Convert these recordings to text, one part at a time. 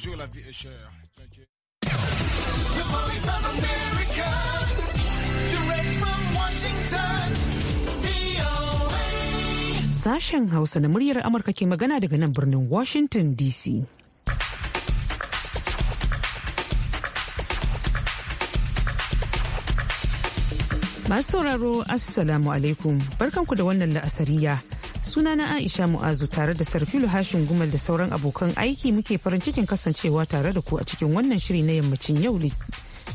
que la vie eh, Sashen Hausa na muryar Amurka ke magana daga nan birnin Washington DC. Masu sauraro Assalamu alaikum barkanku da wannan la'asariya. sunana aisha mu'azu tare da sarfilu hashin gumal da sauran abokan aiki muke farin cikin kasancewa tare da ku a cikin wannan shiri na yammacin yau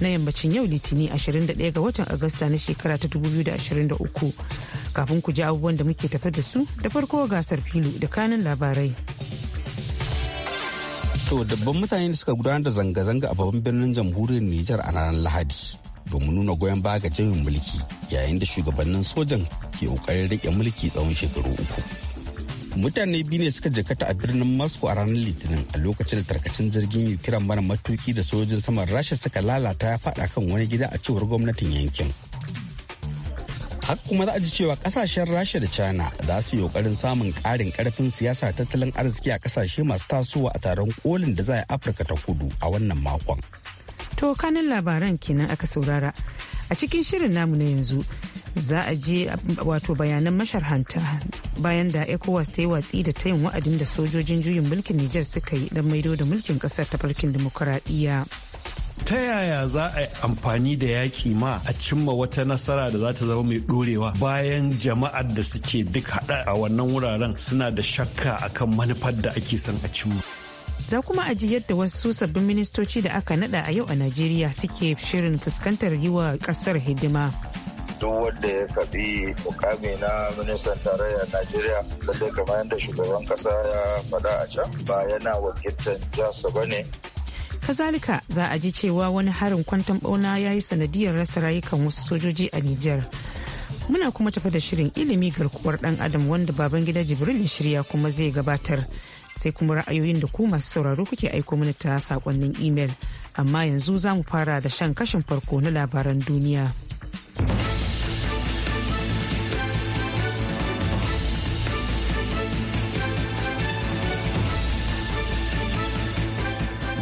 na yammacin yau litini 21 ga watan agusta na shekara ta 2023 kafin ku ji abubuwan da muke tafe da su da farko gasar filu da kanin labarai to dabban mutane da suka gudanar da zanga-zanga a babban birnin jamhuriyar nijar a ranar lahadi domin nuna goyon baya ga jamin mulki yayin da shugabannin sojan ke kokarin rike mulki tsawon shekaru uku mutane biyu ne suka jakata a birnin moscow a ranar litinin a lokacin da tarkacin jirgin kiran mara matuki da sojojin saman rasha suka lalata ya fada kan wani gida a cewar gwamnatin yankin haka kuma za a ji cewa kasashen rasha da china za su yi kokarin samun karin karfin siyasa tattalin arziki a kasashe masu tasowa a taron kolin da za a afirka ta kudu a wannan makon To kanin labaran kenan aka saurara. A cikin shirin namu na yanzu za a je wato bayanan masharhanta bayan da ECOWAS ta yi watsi da ta yin wa'adin da sojojin juyin mulkin Nijar suka yi don maido da mulkin kasar ta farkin dimokuraɗiyya. ta yaya za a yi amfani da yaki ma a cimma wata nasara da za ta zama mai dorewa bayan jama'ar da suke duk hada a wannan wuraren suna da shakka akan manufar da ake son a cimma. za kuma a ji yadda wasu sabbin ministoci da aka nada a yau a najeriya suke shirin fuskantar yiwa wa kasar hidima duk wanda ya kabi mukami na ministan tarayya najeriya lallai kamar yadda shugaban kasa ya faɗa a can ba yana wakiltar jasa ba ne kazalika za a ji cewa wani harin kwanton bauna ya yi sanadiyar rasa rayukan wasu sojoji a niger muna kuma tafi da shirin ilimi garkuwar dan adam wanda baban gida jibril ya shirya kuma zai gabatar sai kuma ra'ayoyin da ku masu sauraro kuke aiko mana ta sakonnin imel amma yanzu za mu fara da shan kashin farko na labaran duniya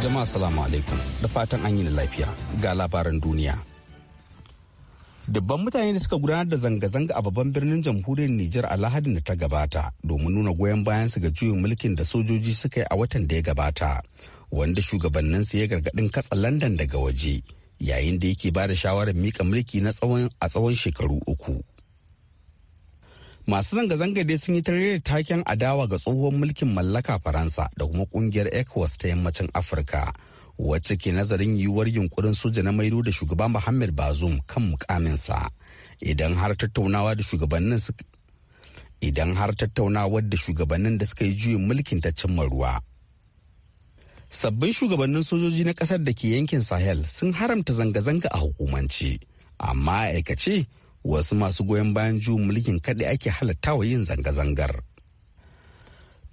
jama'a salamu alaikum da fatan an yi lafiya ga labaran duniya dubban mutane da suka gudanar da zanga-zanga a babban birnin jamhuriyar Nijar a Lahadin da ta gabata domin nuna goyon bayan su ga juyin mulkin da sojoji suka yi a watan da ya gabata wanda shugabannin su ya gargadin katsa London daga waje yayin da yake ba da shawarar mika mulki na tsawon a tsawon shekaru uku. Masu zanga-zanga dai sun yi tarere taken adawa ga tsohon mulkin mallaka Faransa da kuma kungiyar ECOWAS ta yammacin Afirka wacce ke nazarin yiwuwar yunkurin soja na mairo da shugaba Muhammad Bazoum kan mukaminsa idan har tattaunawa da shugabannin idan har tattaunawar da shugabannin da suka yi juyin mulkin ta cimma ruwa. Sabbin shugabannin sojoji na ƙasar da ke yankin Sahel sun haramta zanga-zanga a hukumance, amma a aikace wasu masu goyon bayan juyin mulkin kaɗai ake wa yin zanga-zangar.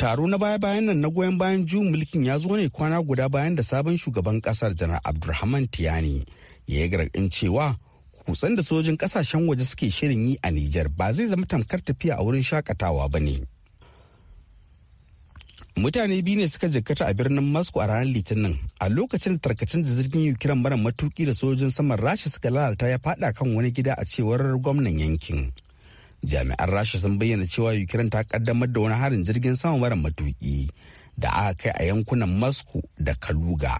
taro na baya-bayan nan na goyon bayan juyin mulkin ya zo ne kwana guda bayan da sabon shugaban kasar janar abdulrahman tiyani ya yi gargadin cewa kutsan da sojin kasashen waje suke shirin yi a niger ba zai zama tamkar tafiya a wurin shakatawa ba ne mutane biyu ne suka jikkata a birnin moscow a ranar litinin a lokacin da tarkacin da zirgin ukraine mara matuki da sojin saman rasha suka lalata ya fada kan wani gida a cewar gwamnan yankin jami'an rasha sun bayyana cewa ukraine ta kaddamar da wani harin jirgin sama mara matuki da aka kai a yankunan moscow da kaluga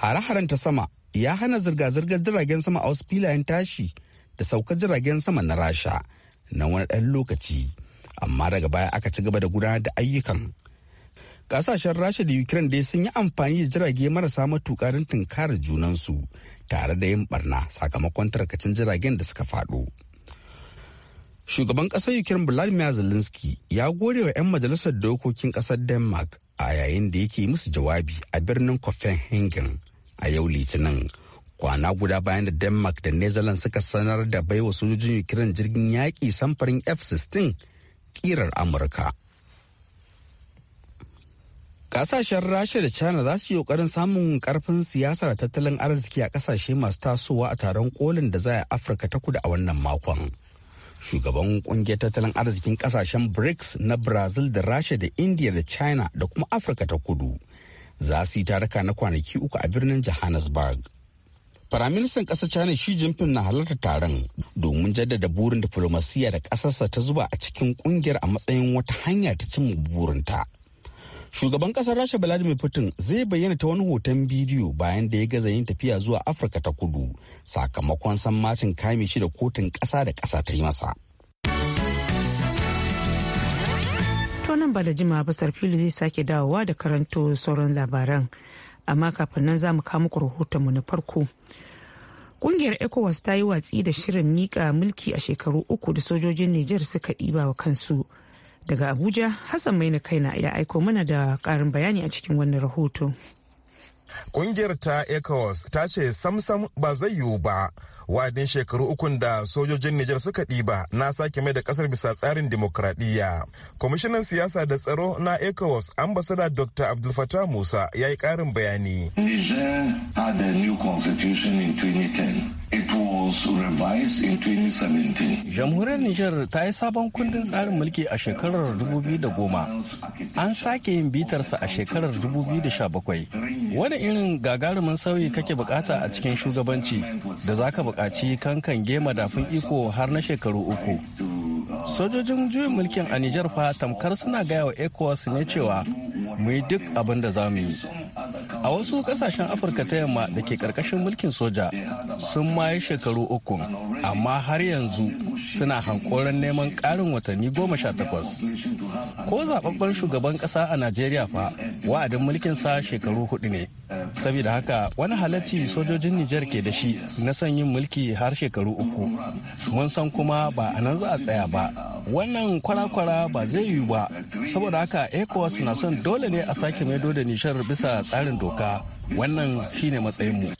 hare-haren ta sama ya hana zirga-zirgar jiragen sama a wasu filayen tashi da saukar jiragen sama na rasha na wani ɗan lokaci amma daga baya aka ci gaba da gudanar da ayyukan kasashen rasha da ukraine dai sun yi amfani da jirage marasa matuƙa don tunkarar junansu tare da yin barna sakamakon tarkacin jiragen da suka faɗo. shugaban ƙasar ukraine vladimir zelensky ya gode wa 'yan majalisar dokokin ƙasar denmark a yayin da yake musu jawabi a birnin copenhagen a yau litinin kwana guda bayan da denmark da netherlands suka sanar da baiwa sojojin ukraine jirgin yaƙi samfarin f-16 ƙirar amurka Kasashen Rasha da China za su yi ƙoƙarin samun ƙarfin siyasar tattalin arziki a ƙasashe masu tasowa a taron kolin da za a Afirka ta kudu a wannan makon. shugaban kungiyar tattalin arzikin kasashen brics na brazil da rasha da india da china da kuma afirka ta kudu za su yi taruka na kwanaki uku a birnin johannesburg firaministan ƙasar china shi jinping na halarta taron domin jaddada burin diflomasiyya da ƙasarsa ta zuba a cikin kungiyar a matsayin wata hanya ta cimma burinta. Shugaban kasar Rasha Vladimir Putin zai bayyana ta wani hoton bidiyo bayan da ya gaza yin tafiya zuwa Afirka ta kudu sakamakon sammacin kame shi da kotun kasa da kasa ta yi masa. tonan ba da jima fili zai sake dawowa da karanto sauran labaran. Amma kafin nan za mu kawo muku rahotonmu na farko. Kungiyar ECOWAS ta yi watsi da shirin miƙa mulki a shekaru uku da sojojin Nijar suka ɗiba wa kansu. daga abuja hassan maina kaina ya aiko mana da karin bayani a cikin wannan rahoto kungiyar ta ecowas ta ce samsam ba zai yiwu ba wa'adin shekaru ukun da sojojin Nijar suka ɗiba na sake mai da ƙasar bisa tsarin demokradiyya. Kwamishinan siyasa da tsaro na ECOWAS ambasada Dr. Abdul Fattah Musa ya yi ƙarin bayani. Niger had a new constitution in 2010. It was revised in 2017. Jamhuriyar Nijar ta yi sabon kundin tsarin mulki a shekarar 2010. An sake yin bitarsa a shekarar 2017. Wani irin gagarumin sauyi kake bukata a cikin shugabanci da zaka buƙaci kankan gema dafin iko har na shekaru uku sojojin juyin mulkin a nijar fa tamkar suna gaya wa ecowas ne cewa muyi duk abin da za mu yi a wasu kasashen afirka ta yamma da ke karkashin mulkin soja sun maye shekaru uku amma har yanzu suna hankoron neman karin watanni goma sha takwas ko zaɓaɓɓen shugaban ƙasa a najeriya fa wa'adin mulkin sa shekaru hudu ne saboda haka wani halacci sojojin nijar ke da shi na son yin mulki har shekaru uku mun san kuma ba a nan za a tsaya ba wannan kwara-kwara ba zai yiwu ba saboda haka ecowas na son dole ne a sake maido da nishar bisa tsarin doka wannan shine matsayinmu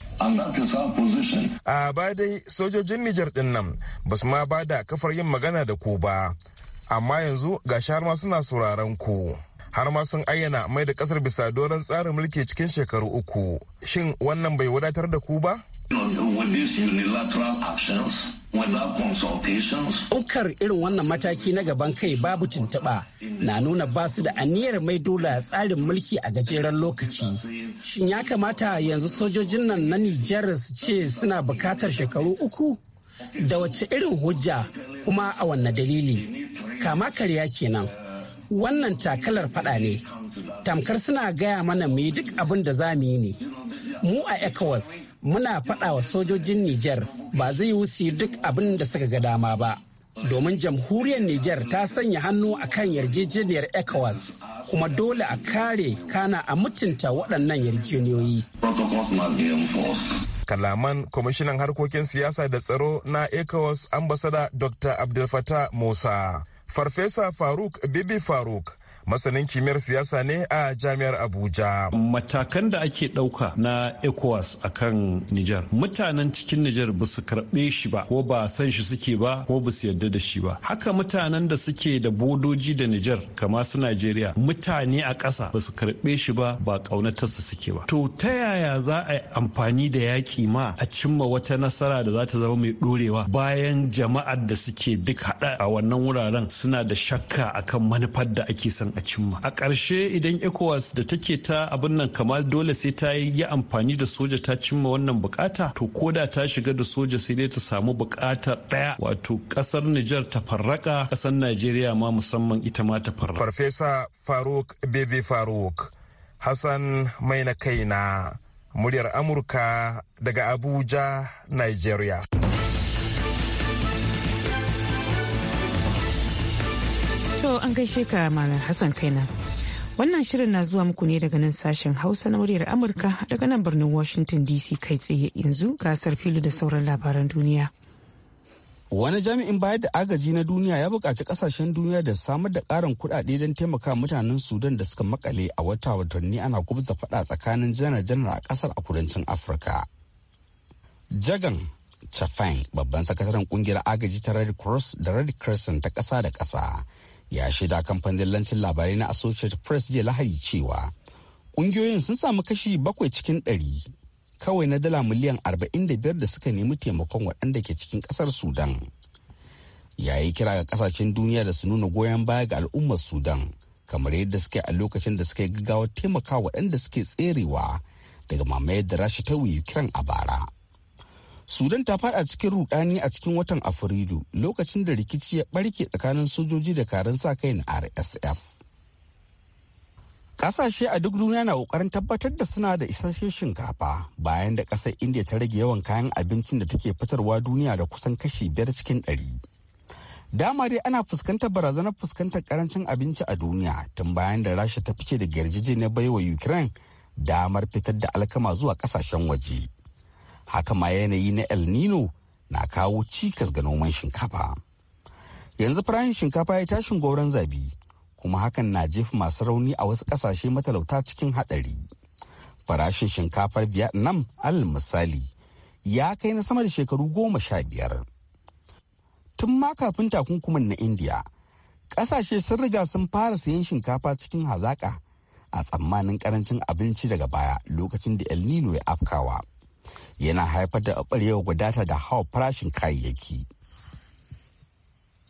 a ba dai sojojin nijar din nan ba su ma ba da kafar yin magana da ku ba amma yanzu ga har ma suna sauraron ku har ma sun ayyana mai da kasar bisa doron tsarin mulki cikin shekaru uku shin wannan bai wadatar da ku ba with irin wannan mataki na gaban kai babu tuntuɓa na nuna ba su da aniyar mai dola tsarin mulki a gajeren lokaci. Shin ya kamata yanzu sojojin nan na Nijar su ce suna bukatar shekaru uku? Da wace irin hujja kuma a wanne dalili? Kama karya kenan. Wannan takalar fada ne. Tamkar suna gaya mana mai duk abin da za mu yi ne. Mu a ECOWAS muna faɗa wa sojojin Nijar ba zai yi wusi duk abin da suka ga dama ba. Domin jamhuriyar Nijar ta sanya hannu a kan yarjejeniyar ECOWAS kuma dole a kare kana a mutunta waɗannan yarjejeniyoyi. Kalaman kwamishinan harkokin siyasa da tsaro na ECOWAS ambasada Dr. Abdulfata Musa. Farfesa Faruk Bibi Faruk masanin kimiyyar siyasa ne a jami'ar abuja matakan da ake ɗauka na ecowas a kan nijar mutanen cikin nijar ba su karɓe shi ba ko ba san shi suke ba ko ba su yarda da shi ba haka mutanen da suke da bodoji da nijar kama su najeriya mutane a ƙasa ba su karɓe shi ba ba su suke ba to ta yaya za a amfani da yaƙi ma a cimma wata nasara da za ta zama mai ɗorewa bayan jama'ar da suke duk haɗa a wannan wuraren suna da shakka akan manufar da ake son a cimma a ƙarshe idan ecowas da take ta abin nan kamar dole sai ta yi amfani da soja ta cimma wannan bukata to ko da ta shiga da soja sai dai ta samu bukata ɗaya wato ƙasar nijar ta farraka ƙasar najeriya ma musamman ita ma ta farraka farfesa faruk bebe faruk hassan mai na kai na muryar amurka daga abuja nigeria To an gaishe ka Malam Hassan kaina. Wannan shirin na zuwa muku ne daga nan sashen Hausa na muryar Amurka daga nan birnin Washington DC kai tsaye yanzu gasar fili da sauran labaran duniya. Wani jami'in bayar da agaji na duniya ya buƙaci ƙasashen duniya da samar da ƙarin kuɗaɗe don taimaka mutanen Sudan da suka makale a wata watanni ana gubza faɗa tsakanin janar-janar a ƙasar a kudancin Afirka. Jagan Chafang babban sakataren ƙungiyar agaji ta Red Cross da Red Crescent ta ƙasa da ƙasa ya shaida kamfanin lancin labarai na associated press jiya lahadi cewa ƙungiyoyin sun samu kashi bakwai cikin ɗari kawai na dala miliyan arba'in da biyar da suka nemi taimakon waɗanda ke cikin ƙasar sudan ya yi kira ga ƙasashen duniya da su nuna goyon baya ga al'ummar sudan kamar yadda suke a lokacin da suka yi gaggawa taimaka waɗanda suke tserewa daga mamayar da rasha ta kiran a bara. sudan ta fada cikin rudani a cikin watan afrilu lokacin da rikici ya barke tsakanin sojoji da karin sa kai na rsf kasashe a duk duniya na kokarin tabbatar da suna da isasshen shinkafa bayan da kasar india ta rage yawan kayan abincin da take fitarwa duniya da kusan kashi biyar cikin ɗari dama dai ana fuskantar barazanar fuskantar karancin abinci a duniya tun bayan da rasha ta fice da yarjejeniyar baiwa ukraine damar fitar da alkama zuwa kasashen waje haka ma yanayi na el nino na kawo cikas ga noman shinkafa yanzu farashin shinkafa ya tashin goron zabi kuma hakan na jefa masu rauni a wasu kasashe matalauta cikin hadari farashin shinkafar vietnam al misali ya kai na sama da shekaru goma sha biyar tun ma kafin takunkumin na india kasashe sun riga sun fara sayan shinkafa cikin hazaka a tsammanin karancin abinci daga baya lokacin da el nino ya afkawa yana haifar da ɓarewa gudata da hawa farashin kayayyaki.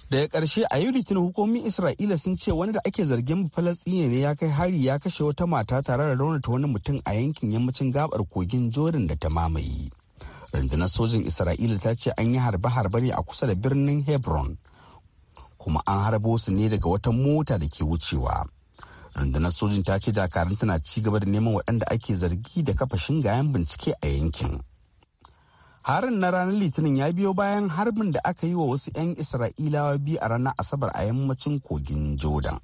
daga ƙarshe a yi litinin hukumomin isra'ila sun ce wani da ake zargin falastini ne ya kai hari ya kashe wata mata tare da raunata wani mutum a yankin yammacin gabar kogin jordan da ta mamaye rundunar sojin isra'ila ta ce an yi harbe-harbe ne a kusa da birnin hebron kuma an harbo su ne daga wata mota da ke wucewa rundunar sojin ta ce dakarun tana ci gaba da neman waɗanda ake zargi da kafa shingayen bincike a yankin harin na ranar litinin ya biyo bayan harbin da aka yi wa wasu 'yan isra'ilawa biyu a ranar asabar a yammacin kogin jordan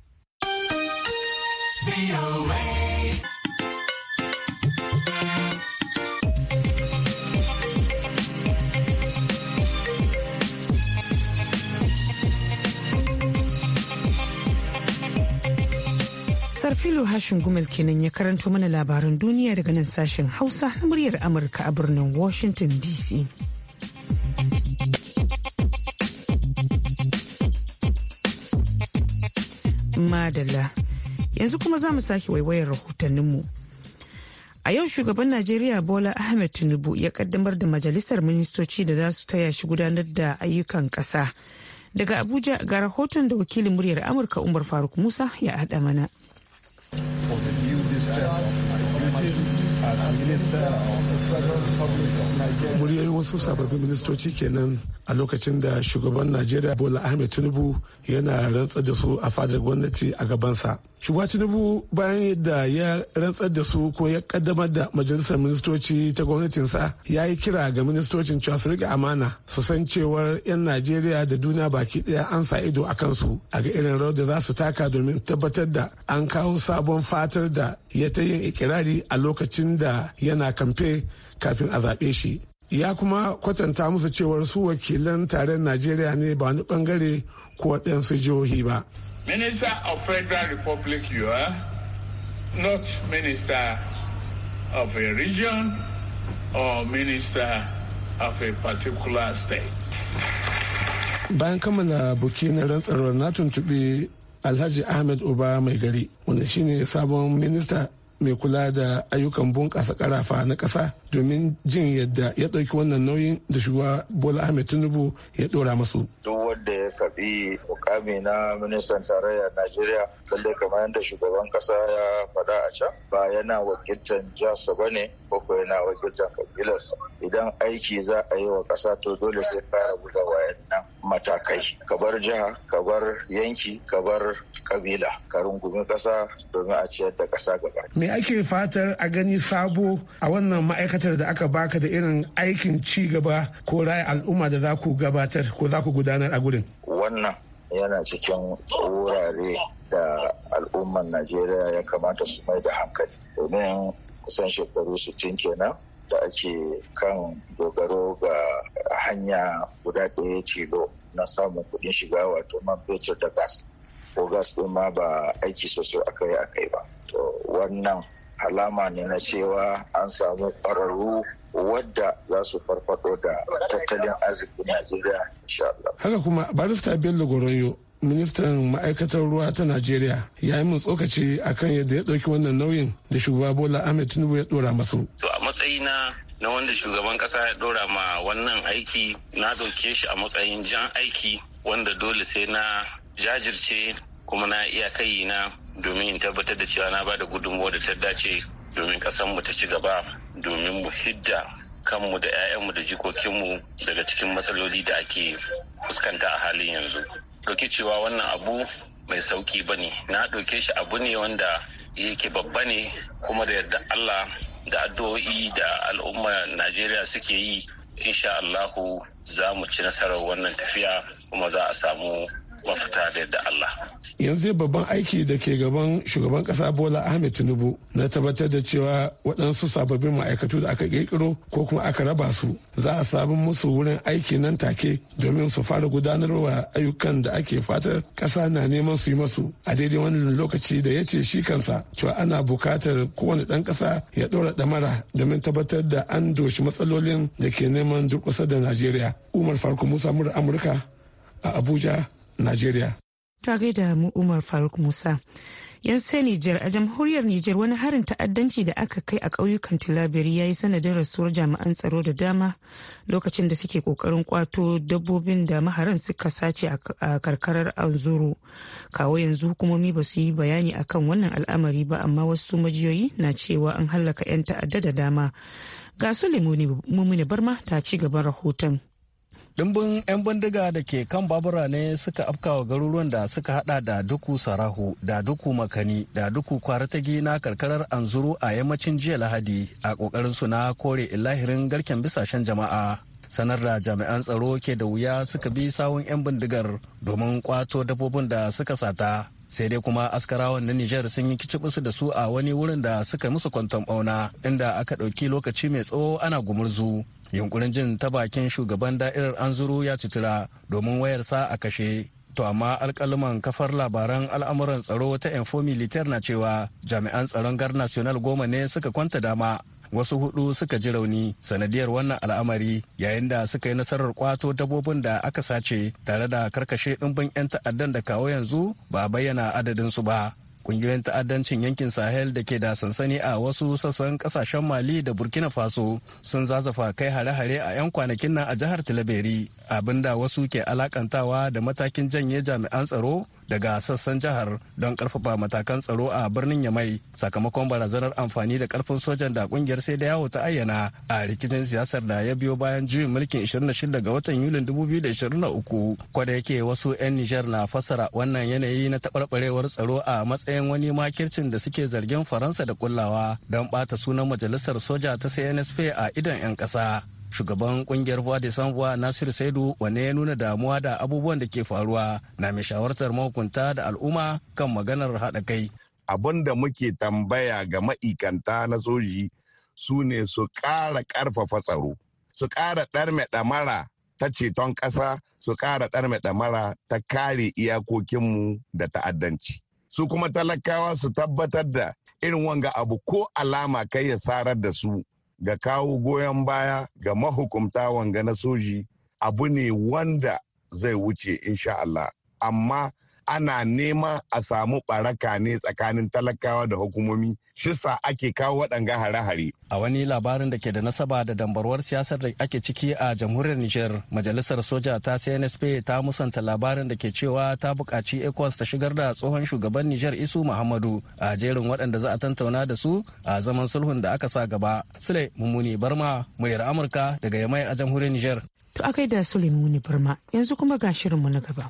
filo Hashin Gumel kenan ya karanto mana labaran duniya daga nan sashen Hausa na muryar Amurka a birnin Washington DC. madala yanzu kuma za mu sake waiwayar rahotanninmu. A yau shugaban Najeriya Bola Ahmed Tinubu ya kaddamar da majalisar ministoci da za su taya shi gudanar da ayyukan ƙasa. Daga Abuja ga rahoton da wakilin muryar Amurka Umar Faruk Musa ya haɗa mana. For the new district, duties as Minister of the Federal muryoyin wasu sababbin ministoci kenan a lokacin da shugaban najeriya bola ahmed tinubu yana rantsar da su a fadar gwamnati a gabansa shugaba tinubu bayan yadda ya rantsar da su ko ya kaddamar da majalisar ministoci ta gwamnatinsa ya yi kira ga ministocin cewa su rike amana su san cewar 'yan najeriya da duniya baki daya an sa ido a kansu a ga irin rawar da za su taka domin tabbatar da an kawo sabon fatar da ya ta yin ikirari a lokacin da yana kamfe kafin a zaɓe shi ya kuma kwatanta musu cewar su wakilan taron najeriya ne ba wani bangare ko waɗansu jihohi ba minister of federal republic you are not minister of a region or minister of a particular state bayan kammala buki na rantsarwar na tuntuɓi alhaji ahmed uba mai gari wanda shine sabon minista mai kula da ayyukan bunƙasa ƙarafa na ƙasa domin jin yadda ya ɗauki wannan nauyin da shugaba bola ahmed tinubu ya ɗora masu duk wanda ya kaɓi mukami na ministan tarayya najeriya lallai kamar yadda shugaban ƙasa ya faɗa a can ba yana wakiltar jasa ba ne ko yana wakiltar kabilarsa idan aiki za a yi wa ƙasa to dole sai ka rabu da matakai ka bar jiha ka bar yanki ka bar kabila ka rungumi ƙasa domin a ciyar da ƙasa gaba ake fatar a gani sabo a wannan ma'aikatar da aka baka da irin aikin ci gaba ko raya al'umma da za ku gabatar ko za ku gudanar a gurin wannan yana cikin wurare da al'ummar najeriya ya kamata su mai da hankali domin kusan shekaru su 60 kenan da ake kan dogaro ga hanya guda ɗaya tilo na samun kuɗin shiga wato man fetur da gas ko gas ɗin ma ba aiki sosai akai-akai ba wannan alama ne na cewa an samu ƙwararru wadda za su farfado da tattalin arzikin najeriya Allah. haka kuma barista bello goroyo ministan ma'aikatar ruwa ta najeriya ya yi min tsokaci akan yadda ya ɗauki wannan nauyin da shugaba bola ahmed tinubu ya ɗora masu to a matsayina na wanda shugaban ƙasa ya ɗora ma wannan aiki na ɗauke shi a matsayin jan aiki wanda dole sai na jajirce kuma na iya kai na domin in tabbatar da cewa na bada gudunmuwa da ta dace domin mu ta ci gaba domin mu hidda kanmu da 'ya'yanmu da jikokinmu daga cikin matsaloli da ake fuskanta a halin yanzu. Ɗauki cewa wannan abu mai sauki ba ne, na ɗauke shi abu ne wanda yake babba ne kuma da yadda Allah da addu'o'i da al'umma Najeriya suke yi insha Allahu za mu ci nasarar wannan tafiya kuma za a samu mafita da Allah. Yanzu babban aiki da ke gaban shugaban kasa Bola Ahmed Tinubu na tabbatar da cewa waɗansu sababbin ma'aikatu da aka ƙirƙiro ko kuma aka raba su za a sabu musu wurin aiki nan take domin su fara gudanarwa ayyukan da ake fatar ƙasa na neman su yi masu a daidai wannan lokaci da ya ce shi kansa cewa ana buƙatar kowane ɗan ƙasa ya ɗora ɗamara domin tabbatar da an doshi matsalolin da ke neman durƙusa da Najeriya. Umar Farko Musa Mura Amurka a Abuja, Najeriya. Ta gaida mu Umar Faruk Musa. Yan sai Nijar a jamhuriyar Nijar wani harin ta'addanci da aka kai a ƙauyukan Tilabiri ya yi sanadin rasuwar jami'an tsaro da dama lokacin da suke ƙoƙarin kwato dabbobin da maharan suka sace a karkarar Anzuru. Kawo yanzu hukumomi ba su yi bayani a kan wannan al'amari ba amma wasu majiyoyi na cewa an hallaka 'yan ta'adda da dama. Ga su Lemoni Mumini Barma ta ci gaban rahoton. Dimbin 'yan bindiga da ke kan babura ne suka afkawa garuruwan da suka hada da duku sarahu da duku makani da duku kwaratagi na karkarar anzuru a yammacin jiya lahadi a kokarin su na kore ilahirin garken bisashen jama'a sanar da jami'an tsaro ke da wuya suka bi sawun 'yan bindigar domin kwato dabbobin da suka sata sai dai kuma askarawan na Nijar sun yi kicibisu da su a wani wurin da suka musu kwanton bauna inda aka ɗauki lokaci mai tsawo ana gumurzu yunkurin jin ta bakin shugaban da'irar anzuru ya sutura domin wayarsa a kashe to amma alkaliman kafar labaran al'amuran tsaro ta info militar na cewa jami'an tsaron gar national goma ne suka kwanta dama wasu hudu suka ji rauni sanadiyar wannan al'amari yayin da suka yi nasarar kwato dabobin da aka sace tare da karkashe ɗimbin 'yan ta'addan da kawo yanzu ba bayyana adadinsu ba kungiyoyin ta'addancin yankin sahel da ke da sansani a wasu sassan kasashen mali da burkina faso sun zazafa kai hare-hare a 'yan kwanakin nan a jihar tilaberi abinda wasu ke alakantawa da matakin janye jami'an tsaro daga sassan jihar don karfafa matakan tsaro a birnin Yamai sakamakon barazanar amfani da karfin sojan da kungiyar sai da yawo ta ayyana a rikicin siyasar da ya biyo bayan juyin mulkin 26 ga watan Yulin 2023 kwada yake wasu 'yan Nijar na fassara wannan yanayi na taɓarɓarewar tsaro a matsayin wani makircin da suke zargin Faransa da kullawa don ɓata sunan majalisar soja ta CNSP a idon 'yan ƙasa. shugaban kungiyar voa de san nasiru saidu wane ya nuna damuwa da abubuwan da ke faruwa na mai shawartar mahukunta da al'umma kan maganar haɗa kai abin da muke tambaya ga ma'ikanta na soji su ne su ƙara ƙarfafa tsaro su ƙara ɗarme ɗamara ta ceton ƙasa su ƙara ɗarme ɗamara ta kare iyakokinmu da ta'addanci su kuma talakawa su tabbatar da irin wanga abu ko alama kai ya sarar da su ga kawo goyon baya ga mahukumta wanga na soji abu ne wanda zai wuce insha Allah amma ana nema a samu baraka ne tsakanin talakawa da hukumomi shisa ake kawo waɗanga hare-hare. A wani labarin da ke da nasaba da dambarwar siyasar da ake ciki a jamhuriyar Nijar, majalisar soja ta CNSP ta musanta labarin da ke cewa ta buƙaci ECOWAS ta shigar da tsohon shugaban Nijar Isu Muhammadu a jerin waɗanda za a tantauna da su a zaman sulhun da aka sa gaba. Sule Mummuni Barma, muryar Amurka daga Yamai a jamhuriyar Nijar. To akai da Sule Mumuni Barma, yanzu kuma ga shirinmu na gaba.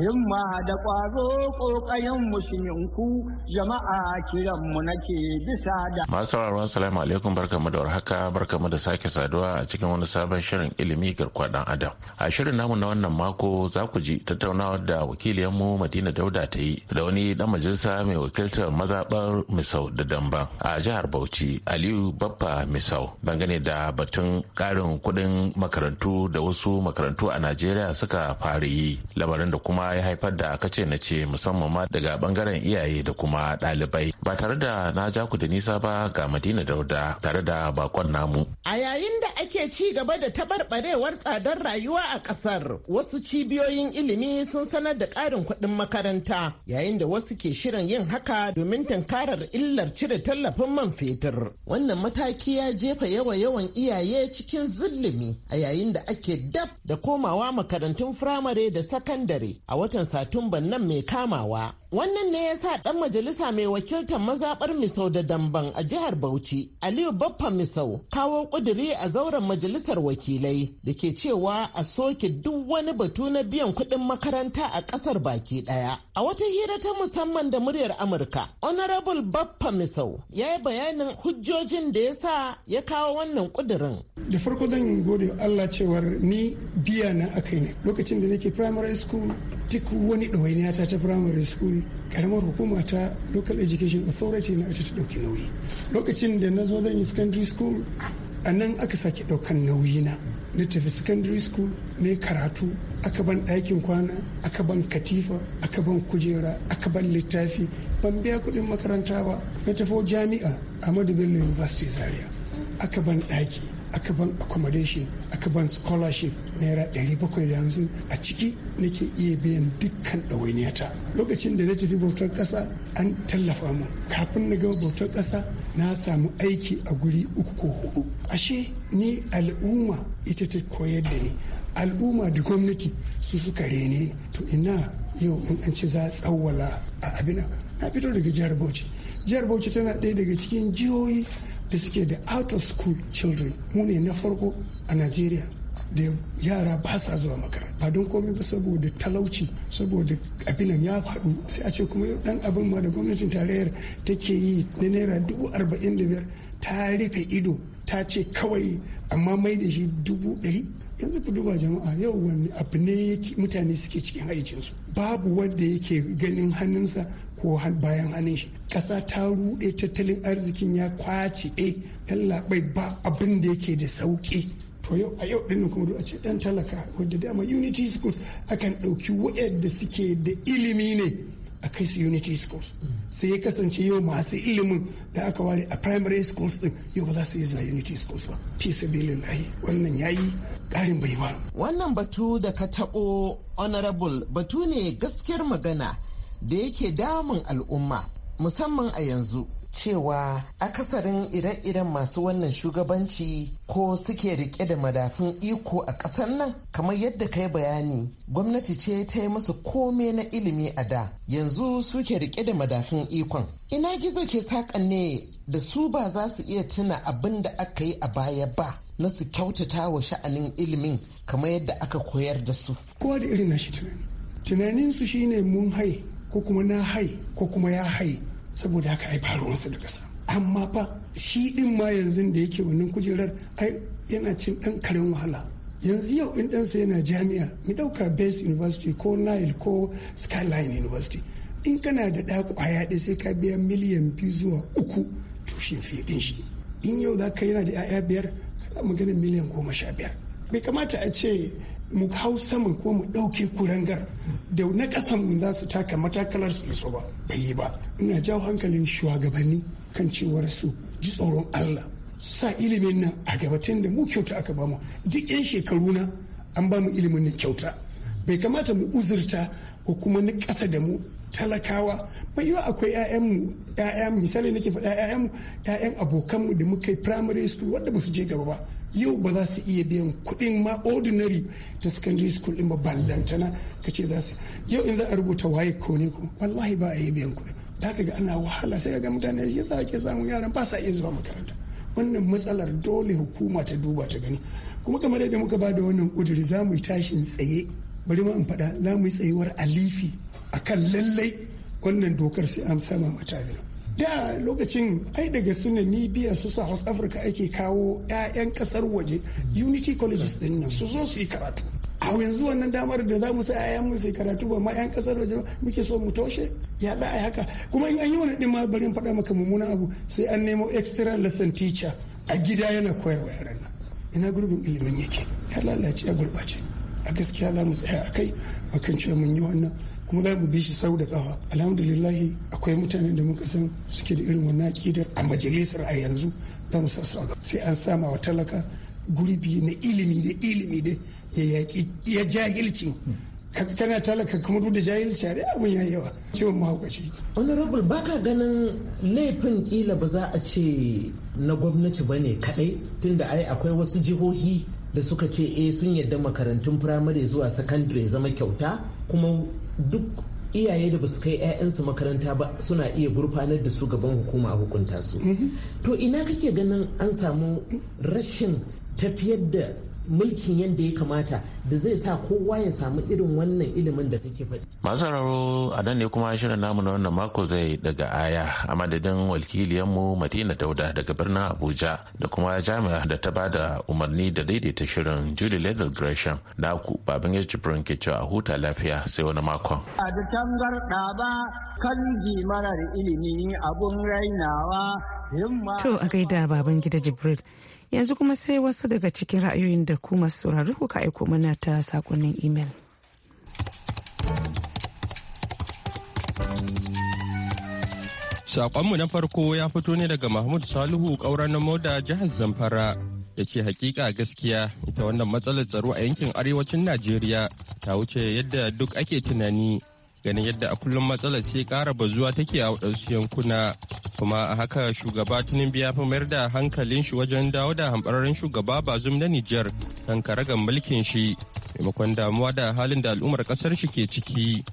himma da ƙwazo ƙoƙayen jama'a kiran mu nake bisa da. Masu sauraron salamu alaikum barkamu da warhaka barkamu da sake saduwa a cikin wani sabon shirin ilimi garkuwa dan adam. A shirin namu na wannan mako za ku ji tattaunawa da wakiliyanmu Madina Dauda ta yi da wani dan majalisa mai wakiltar mazaɓar Misau da Damban a jihar Bauchi Aliyu Baffa Misau dangane da batun ƙarin kuɗin makarantu da wasu makarantu a Najeriya suka fara yi lamarin da kuma ya haifar da kace na ce musamman ma daga bangaren iyaye da kuma ɗalibai ba tare da na ja ku da nisa ba ga madina dauda tare da bakon namu a yayin da ake ci gaba da tabarbarewar tsadar rayuwa a ƙasar wasu cibiyoyin ilimi sun sanar da ƙarin kuɗin makaranta yayin da wasu ke shirin yin haka domin tankarar illar cire tallafin man fetur wannan mataki ya jefa yawa yawan iyaye cikin zillimi a yayin da ake dab da komawa makarantun firamare da sakandare a watan satumban nan mai kamawa wannan ne ya sa dan majalisa mai wakiltar mazaɓar misau da damban a jihar bauchi aliyu baffa misau kawo kuduri a zauren majalisar wakilai da ke cewa a soke duk wani batu na biyan kuɗin makaranta a kasar baki ɗaya a wata hira ta musamman da muryar amurka honorable baffa misau ya yi bayanin hujjojin da ya sa ya kawo wannan kudurin. da farko zan gode allah cewar ni biya na aka ne lokacin da nake primary school duk wani ɗawainiya ta ta primary school karamar hukuma ta local education authority na ita ta ɗauki nauyi lokacin da na zo zan yi secondary school a nan aka sake ɗaukan nauyina na tafi secondary school na karatu aka ban ɗakin kwana aka ban katifa aka ban kujera aka ban littafi ban biya kuɗin makaranta ba na tafi jami'a ahmadu bello university zaria aka ban ɗaki aka ban accommodation aka ban scholarship naira 750 a ciki nake iya biyan dukkan ɗawainiyata lokacin da na tafi bautar ƙasa an tallafa mu kafin na gama bautar ƙasa na samu aiki a guri uku ko hudu ashe ni al'umma ita ta koyar da ni al'umma da gwamnati su suka rene to ina yau in an ce za a tsawwala a abina na fito daga jihar bauchi jihar bauchi tana ɗaya daga cikin jihohi da suke da out of school children mu ne na farko a najeriya da yara ba sa zuwa makaranta ba don komai ba saboda talauci saboda abinan ya faɗu sai a ce kuma dan abin ma da gwamnatin tarayyar take yi na naira dubu arba'in da biyar ta rufe ido ta ce kawai amma mai da shi dubu ɗari yanzu ku duba jama'a yau wani abu ne mutane suke cikin haicinsu babu wanda yake ganin hannunsa ko bayan hannun shi ƙasa ta ruɗe tattalin arzikin ya kwace ɗe eh, ɗan labai ba abin da yake da sauƙi to yau a yau ɗin kuma a ce ɗan talaka wadda dama unity schools akan ɗauki waɗanda suke da ilimi ne a kai su unity schools sai ya kasance yau masu ilimin da aka ware a primary schools din yau ba za su yi zuwa unity schools ba fi sabilillahi wannan ya yi karin bai ba wannan batu da ka taɓo honorable batu ne gaskiyar magana da yake damun al'umma musamman a yanzu cewa akasarin ire-iren masu wannan shugabanci ko suke rike da madafin iko a ƙasar nan kamar yadda ka yi bayani gwamnati ce ta yi musu kome na ilimi a da yanzu suke rike da madafin ikon ina gizo ke saƙan ne da su ba za su iya tuna abin da aka yi a baya ba na su kyautata wa sha'anin ilimin kamar yadda aka koyar da su kowa da irin tunani tunaninsu shine mun hai ko kuma na hai ko kuma ya hai saboda haka ai ruwansa da ƙasa amma fa shi din ma yanzu da yake wannan kujerar ai yana cin ɗan karen wahala yanzu yau in ɗansa yana jami'a mu ɗauka base university ko nile ko skyline university in kana da ɗa kwaya ɗaya sai ka biya miliyan biyu zuwa uku tushen fiye ɗin shi in yau za ka yana da 'ya'ya biyar kana magana miliyan goma sha biyar bai kamata a ce mu hau saman ko mu ɗauke kurangar da na ƙasan mu za su taka matakalar su iso ba bai yi ba ina jawo hankalin shugabanni kan cewar su ji tsoron Allah sa ilimin nan a gabatin da mu kyauta aka bamu duk yan shekaru na an bamu ilimin nan kyauta bai kamata mu uzurta ko kuma na ƙasa da mu talakawa mai yiwa akwai 'ya'yanmu 'ya'yan misali nake faɗa 'ya'yanmu 'ya'yan abokanmu da muka yi primary school wanda ba su je gaba ba yau ba za su iya biyan kuɗin ma ordinary ta secondary school ɗin ba ballantana ka ce za su yau in za a rubuta waye ko ne ko wallahi ba a yi biyan kuɗin da ka ga ana wahala sai ka ga mutane ya sa ake samun yaran ba sa iya zuwa makaranta wannan matsalar dole hukuma ta duba ta gani kuma kamar yadda muka ba da wannan kuduri za mu yi tashin tsaye bari ma in faɗa za mu yi tsayuwar alifi akan lallai wannan dokar sai an sama mata biyu da lokacin ai daga su nibiya su sa south africa ake kawo 'ya'yan kasar waje unity colleges din nan su zo su yi karatu a yanzu wannan damar da za mu sa 'ya'yan mu su karatu ba ma 'yan kasar waje muke so mu toshe ya za a haka kuma in an yi wani din ma bari in faɗa maka mummunan abu sai an nemo extra lesson teacher a gida yana koyarwa yaran nan ina gurbin ilimin yake ya lalace ya gurbace a gaskiya za mu tsaya a kai bakan cewa mun yi wannan kuma za mu bi shi sau da kawa alhamdulillahi akwai mutanen da muka san suke da irin wannan akidar a majalisar a yanzu za mu sa sai an sama wa talaka gurbi na ilimi da ilimi da ya yaƙi ya jahilci kana talaka kuma duk da jahilci a abin ya yawa ciwon mahaukaci. honorable baka ganin laifin kila ba za a ce na gwamnati ba ne kaɗai tunda ai akwai wasu jihohi da suka ce eh sun yadda makarantun firamare zuwa sakandare zama kyauta kuma duk iyaye da ba su kai 'ya'yansu makaranta ba suna iya gurfanar da su gaban hukuma a hukunta su mhm. to ina kake ganin an samu rashin tafiyar da mulkin yadda ya kamata da zai sa kowa ya samu irin wannan ilimin da kake faɗi. masu sauraro a nan ne kuma shirin namu na wannan mako zai daga aya a madadin wakiliyanmu madina dauda daga birnin abuja da kuma jami'a da ta bada umarni da daidaita shirin julie legal gresham na ku babin ya ke cewa huta lafiya sai wani makon. a da tangarɗa ba kan marar ilimi abun rainawa To a gaida baban gida Jibril Yanzu kuma sai wasu daga cikin ra'ayoyin da kuma masu saurari kuka aiko mana ta sakonnin imel. Sakonmu na farko ya fito ne daga Mahmud Salihu ƙauren na moda jihar Zamfara da ke hakika gaskiya ita wannan matsalar tsaro a yankin arewacin Najeriya ta wuce yadda duk ake tunani ganin yadda a kullum matsalar sai kara bazuwa take a waɗansu yankuna kuma a haka shugaba tunin biya fi mayar da hankalin shi wajen dawo da hambararren shugaba bazum na nijar kan karagan mulkin shi maimakon damuwa da halin da al'ummar ƙasar shi ke ciki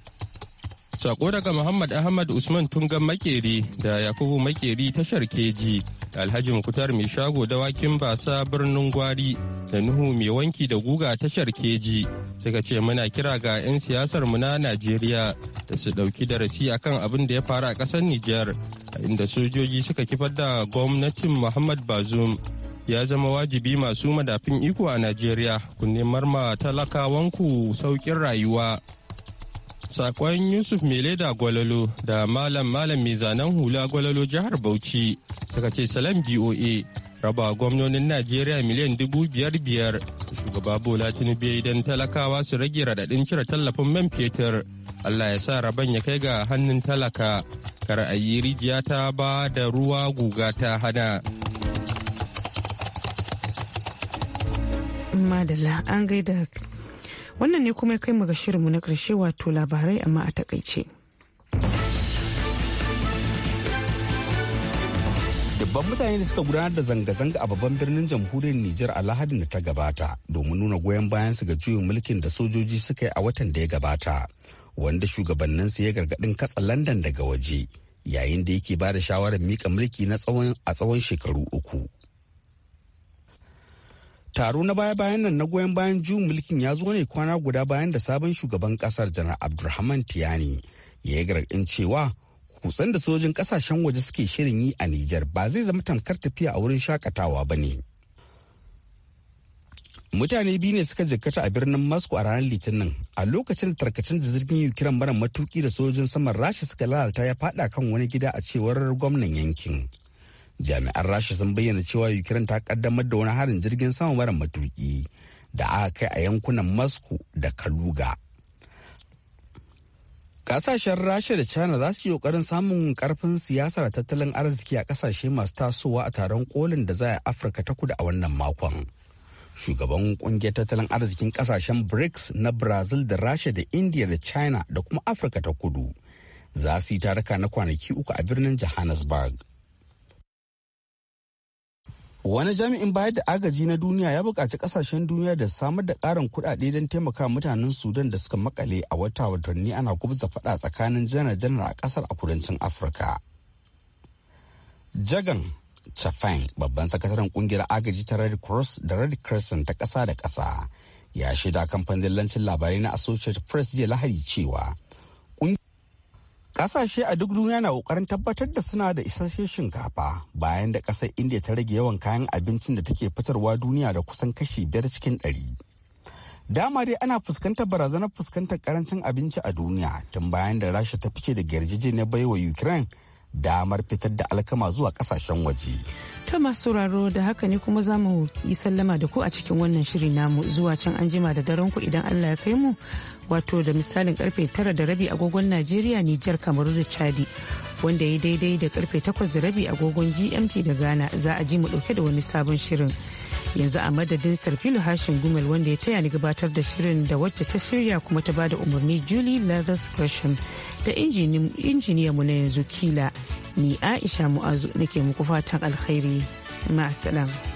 sako daga muhammad ahmad usman tungan makeri da yakubu makeri tashar keji Alhaji Mukutar mai shago dawakin basa birnin gwari da Nuhu mai wanki da guga tashar keji suka ce muna kira ga 'yan siyasar mu na Najeriya da su ɗauki darasi akan abin da ya faru a ƙasar Nijar inda sojoji suka kifar da gwamnatin Muhammad Bazoum ya zama wajibi masu madafin iko a Najeriya ku nemar ma talakawanku saukin rayuwa. sakon yusuf da gwalalo da malam malam mai zanen hula gwalalo jihar bauchi suka ce salam boa raba gwamnonin najeriya miliyan dubu biyar biyar shugaba bola tinubu don talakawa su rage radadin cire tallafin man fetur allah ya sa raban ya kai ga hannun talaka kar a yi rijiya ta ba da ruwa guga ta hana madalla an gaida wannan ne kuma ya kai mu ga shirinmu na ƙarshe wato labarai amma a takaice. dubban mutane da suka gudanar da zanga-zanga a babban birnin jamhuriyar Nijar a Lahadin da ta gabata domin nuna goyon bayan su ga juyin mulkin da sojoji suka yi a watan da ya gabata wanda shugabanninsu ya gargadin katsa landan daga waje yayin da yake ba da shawarar mika mulki na tsawon a tsawon shekaru uku. taro na baya-bayan nan na goyon bayan juyin mulkin ya zo ne kwana guda bayan da sabon shugaban kasar janar abdulrahman tiyani ya yi gargaɗin cewa kutsen da sojin kasashen waje suke shirin yi a nijar ba zai zama tamkar tafiya a wurin shakatawa ba ne mutane biyu ne suka jikkata a birnin moscow a ranar litinin a lokacin da tarkacin da jirgin ukraine mara matuki da sojin saman rasha suka lalata ya fada kan wani gida a cewar gwamnan yankin jami'an rasha sun bayyana cewa ukraine ta kaddamar da wani harin jirgin sama mara matuki da aka kai a yankunan moscow da kaluga kasashen rasha da china za su yi kokarin samun karfin siyasar tattalin arziki a kasashe masu tasowa a taron kolin da za a afirka ta kudu a wannan makon shugaban kungiyar tattalin arzikin kasashen brics na brazil da rasha da india da china da kuma afirka ta kudu za su yi taruka na kwanaki uku a birnin johannesburg Wani jami'in bayar da agaji na duniya ya buƙaci ƙasashen duniya da samar da ƙarin kuɗaɗe don taimaka mutanen Sudan da suka makale a wata watanni ana gubza faɗa tsakanin janar-janar a ƙasar a kudancin Afirka. Jagan Chafin babban sakataren ƙungiyar agaji ta Red Cross da Red Crescent ta ƙasa da ƙasa ya shaida kamfanin lancin labarai na Associated Press jiya Lahadi cewa Kasashe a duk duniya na kokarin tabbatar da suna da isasshen shinkafa bayan da kasar India ta rage yawan kayan abincin da take fitarwa duniya da kusan kashi biyar cikin ɗari. Dama dai ana fuskantar barazanar fuskantar karancin abinci a duniya tun bayan da Rasha ta fice da yarjejeniyar baiwa Ukraine damar fitar da alkama zuwa kasashen waje. To masu sauraro da haka ne kuma za mu yi sallama da ku a cikin wannan shiri namu zuwa can anjima da daren ku idan Allah ya kai mu wato da misalin karfe tara da rabi agogon najeriya nijar kamaru da chadi wanda ya daidai da karfe takwas da rabi agogon gmt da ghana za a ji mu dauke da wani sabon shirin yanzu a madadin sarfilu hashin gumel wanda ya taya ni gabatar da shirin da wacce ta shirya kuma ta bada umarni julie leathers gresham da injiniya mu na yanzu kila ni aisha mu'azu nake muku fatan alkhairi ma'asalam.